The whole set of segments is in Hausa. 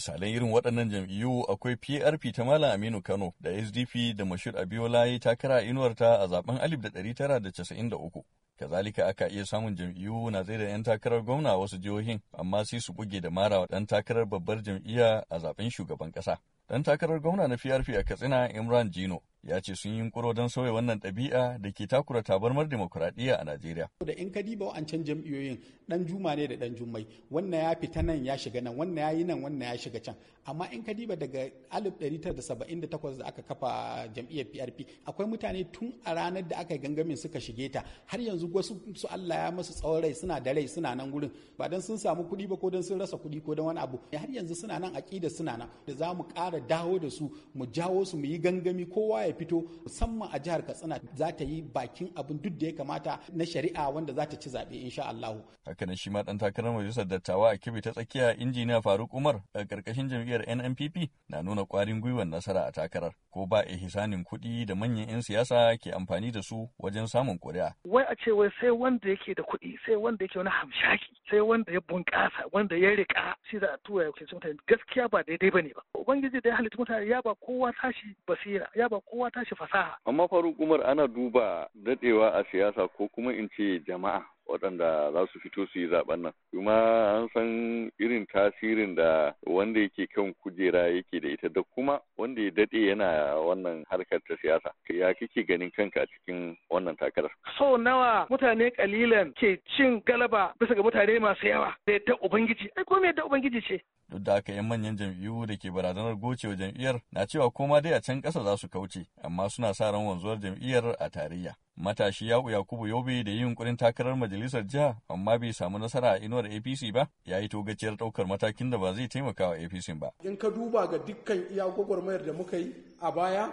Misalan irin waɗannan jam'iyyu akwai PRP ta Malam Aminu Kano da SDP da Mashir Abiola ya takara inuwarta a zaben 1993. Kazalika aka iya samun jam'iyyu na zai da 'yan takarar gwamna wasu jihohin amma sai su buge da mara ɗan takarar babbar jam'iyya a zaben shugaban ƙasa. Ɗan takarar gwamna na PRP a Katsina Imran Jino ya ce sun yi kuro don sauya wannan ɗabi'a da ke takura tabarmar demokuraɗiyya a Najeriya. Da in ka diba wa'ancan jam'iyyoyin ɗan juma ne da ɗan jummai wannan ya fita nan ya shiga nan wannan ya yi nan wannan ya shiga can amma in ka diba daga 1978 da aka kafa jam'iyyar PRP akwai mutane tun a ranar da aka yi gangamin suka shige ta har yanzu wasu su Allah ya masu tsawon rai suna da rai suna nan wurin ba dan sun samu kuɗi ba ko dan sun rasa kuɗi ko dan wani abu har yanzu suna nan aƙida suna nan da za mu ƙara dawo da su mu jawo su mu yi gangami kowa ya ya fito musamman a jihar Katsina za ta yi bakin abin duk da ya kamata na shari'a wanda za ta ci zaɓe insha Allah. Hakanan shi ma ɗan takarar majalisar dattawa a kibi ta tsakiya injiniya Faruk Umar a ƙarƙashin jam'iyyar NNPP na nuna ƙwarin gwiwar nasara a takarar. ko ba ihsanin kuɗi da manyan 'yan siyasa ke amfani da su wajen samun ƙuri'a. Wai a ce wai sai wanda yake da kuɗi sai wanda yake wani hamshaki sai wanda ya bunƙasa wanda ya riƙa shi za a tura ya kusa mutane gaskiya ba daidai bane ba. Ubangiji da ya halitta mutane ya ba kowa tashi basira ya ba kowa tashi fasaha. Amma faru Umar ana duba dadewa a siyasa ko kuma in ce jama'a waɗanda za su fito su yi zaben nan kuma an san irin tasirin da wanda yake kan kujera yake da ita da kuma wanda ya daɗe yana wannan harkar ta siyasa ya kake ganin kanka a cikin wannan takarar so nawa mutane kalilan ke cin galaba bisa ga mutane masu yawa da yadda ubangiji ai ko me yadda ubangiji ce duk da haka 'yan manyan jam'iyyu da ke barazanar gocewa jam'iyyar na cewa koma dai a can kasa za su kauce amma suna sa ran wanzuwar jam'iyyar a tarayya Matashi Yaku Yakubu Yobe da yin yunkurin takarar majalisar jiha amma bai samu nasara a inuwar APC ba, ya yi togaciyar ɗaukar matakin da ba zai taimaka wa APC ba. In ka duba ga dukkan iya mayar da muka yi a baya,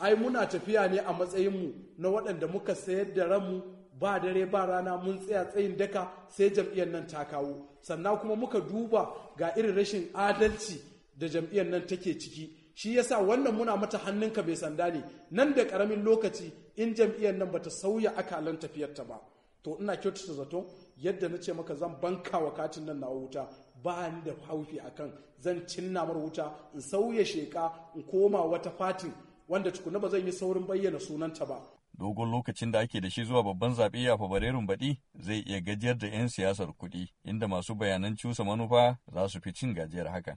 ai muna tafiya ne a matsayinmu na waɗanda muka sayar da ranmu ba dare ba rana mun tsaya tsayin daka sai jam'iyyar nan ta kawo sannan kuma muka duba ga irin rashin adalci da jam'iyyar nan take ciki shi yasa wannan muna mata hannunka bai sanda ne nan da karamin lokaci in jam'iyyar nan bata sauya akalan tafiyarta ba to ina kyautata zato yadda na ce maka zan banka wa katin nan na wuta ba ni da haufi akan zan cinna mar wuta in sauya sheka in koma wata fatin wanda tukuna ba zan yi saurin bayyana sunanta ba dogon lokacin da ake da shi zuwa babban zaɓe a fabarerun baɗi zai iya gajiyar da 'yan siyasar kuɗi inda masu bayanan cusa manufa za su fi cin gajiyar hakan